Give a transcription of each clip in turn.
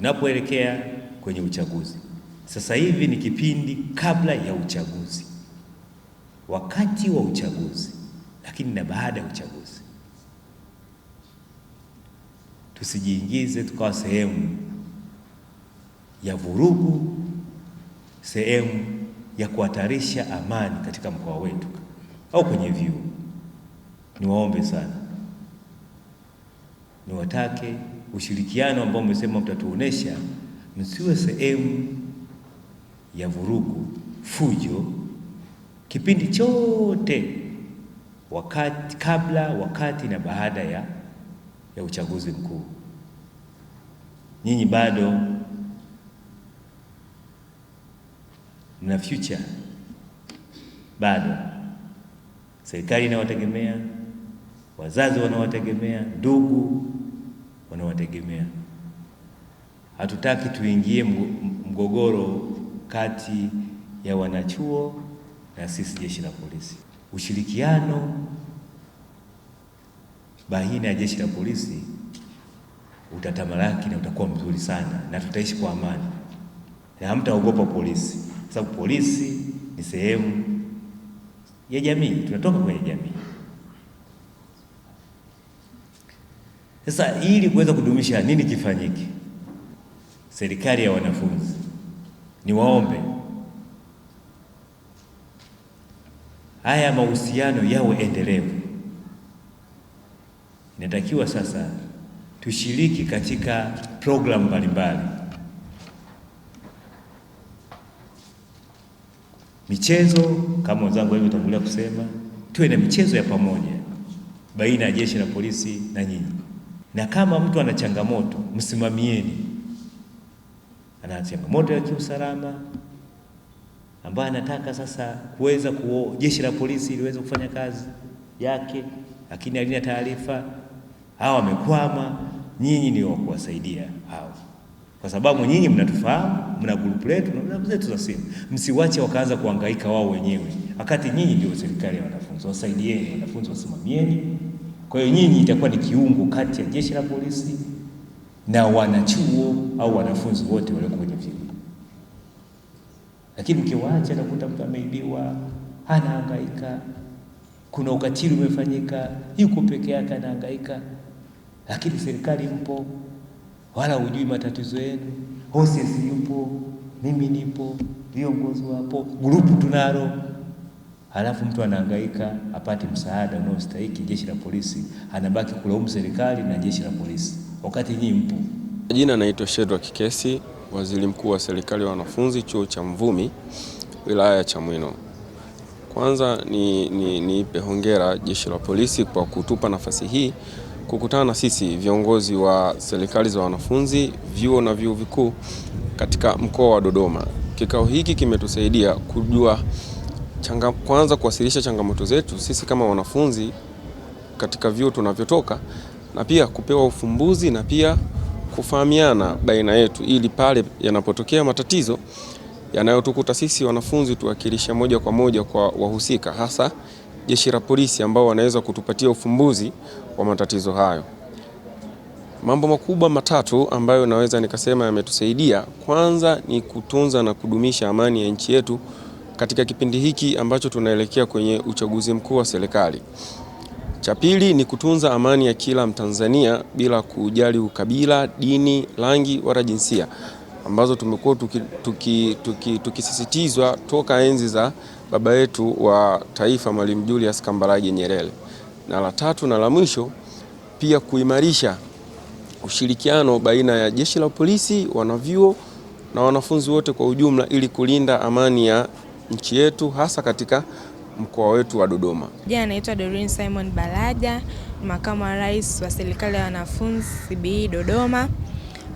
tunapoelekea kwenye uchaguzi. Sasa hivi ni kipindi kabla ya uchaguzi, wakati wa uchaguzi, lakini na baada ya uchaguzi. Tusijiingize tukawa sehemu ya vurugu, sehemu ya kuhatarisha amani katika mkoa wetu au kwenye vyuo. Niwaombe sana, niwatake ushirikiano ambao mmesema mtatuonesha, msiwe sehemu ya vurugu, fujo kipindi chote wakati, kabla, wakati na baada ya, ya uchaguzi mkuu. Nyinyi bado mna future, bado serikali inawategemea, wazazi wanawategemea, ndugu wanaowategemea. Hatutaki tuingie mgogoro kati ya wanachuo na sisi jeshi la polisi. Ushirikiano baina ya jeshi la polisi utatamalaki na utakuwa mzuri sana, na tutaishi kwa amani na hamtaogopa polisi, sababu polisi ni sehemu ya jamii, tunatoka kwenye jamii. Sasa ili kuweza kudumisha nini kifanyike? Serikali ya wanafunzi, niwaombe haya mahusiano yawe endelevu. Inatakiwa sasa tushiriki katika programu mbalimbali, michezo kama wenzangu walivyotangulia kusema, tuwe na michezo ya pamoja baina ya jeshi la polisi na nyinyi. Na kama mtu ana changamoto, msimamieni. Ana changamoto ya kiusalama ambayo anataka sasa kuweza kuo jeshi la polisi liweze kufanya kazi yake, lakini alina taarifa, hao wamekwama. Nyinyi ni wa kuwasaidia hao, kwa sababu nyinyi mnatufahamu, mna grupu letu na grupu zetu za simu. Msiwache wakaanza kuhangaika wao wenyewe, wakati nyinyi ndio serikali ya wanafunzi. Wasaidieni wanafunzi, wasimamieni kwa hiyo nyinyi itakuwa ni kiungo kati ya jeshi la polisi na wanachuo au wanafunzi wote walioko kwenye vyuo. Lakini ukiwaacha utakuta mtu ameibiwa, anahangaika, kuna ukatili umefanyika, yuko peke yake anahangaika, lakini serikali mpo, wala hujui matatizo yenu. Hosesi yupo, mimi nipo, viongozi wapo, grupu tunalo halafu mtu anahangaika apate msaada unaostahiki jeshi la polisi, anabaki kulaumu serikali na jeshi la polisi wakati nyinyi mpo. Jina naitwa Shedrack Kikesi, waziri mkuu wa serikali ya wanafunzi, chuo cha Mvumi, wilaya ya Chamwino. Kwanza ni, ni, niipe hongera jeshi la polisi kwa kutupa nafasi hii kukutana na sisi viongozi wa serikali za wanafunzi, vyuo na vyuo vikuu katika mkoa wa Dodoma. Kikao hiki kimetusaidia kujua changa, kwanza kuwasilisha changamoto zetu sisi kama wanafunzi katika vyuo tunavyotoka na pia kupewa ufumbuzi na pia kufahamiana baina yetu ili pale yanapotokea matatizo yanayotukuta sisi wanafunzi tuwakilisha moja kwa moja kwa wahusika, hasa jeshi la polisi ambao wanaweza kutupatia ufumbuzi wa matatizo hayo. Mambo makubwa matatu ambayo naweza nikasema yametusaidia, kwanza ni kutunza na kudumisha amani ya nchi yetu katika kipindi hiki ambacho tunaelekea kwenye uchaguzi mkuu wa serikali. Cha pili ni kutunza amani ya kila Mtanzania bila kujali ukabila, dini, rangi wala jinsia ambazo tumekuwa tukisisitizwa tuki, tuki toka enzi za baba yetu wa taifa Mwalimu Julius Kambarage Nyerere. Na la tatu na la mwisho pia kuimarisha ushirikiano baina ya jeshi la polisi, wanavyuo na wanafunzi wote kwa ujumla ili kulinda amani ya nchi yetu hasa katika mkoa wetu wa Dodoma. Jina anaitwa Doreen Simon Balaja, makamu wa rais wa serikali ya wanafunzi CBE Dodoma.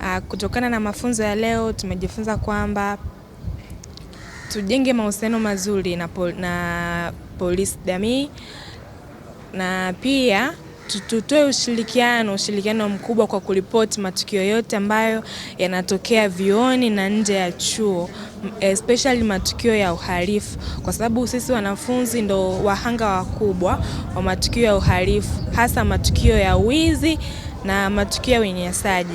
Ah, kutokana na mafunzo ya leo tumejifunza kwamba tujenge mahusiano mazuri na, pol na polisi jamii na pia tutoe ushirikiano, ushirikiano mkubwa kwa kuripoti matukio yote ambayo yanatokea vioni na nje ya chuo, especially matukio ya uhalifu, kwa sababu sisi wanafunzi ndo wahanga wakubwa wa matukio ya uhalifu, hasa matukio ya wizi na matukio ya unyanyasaji.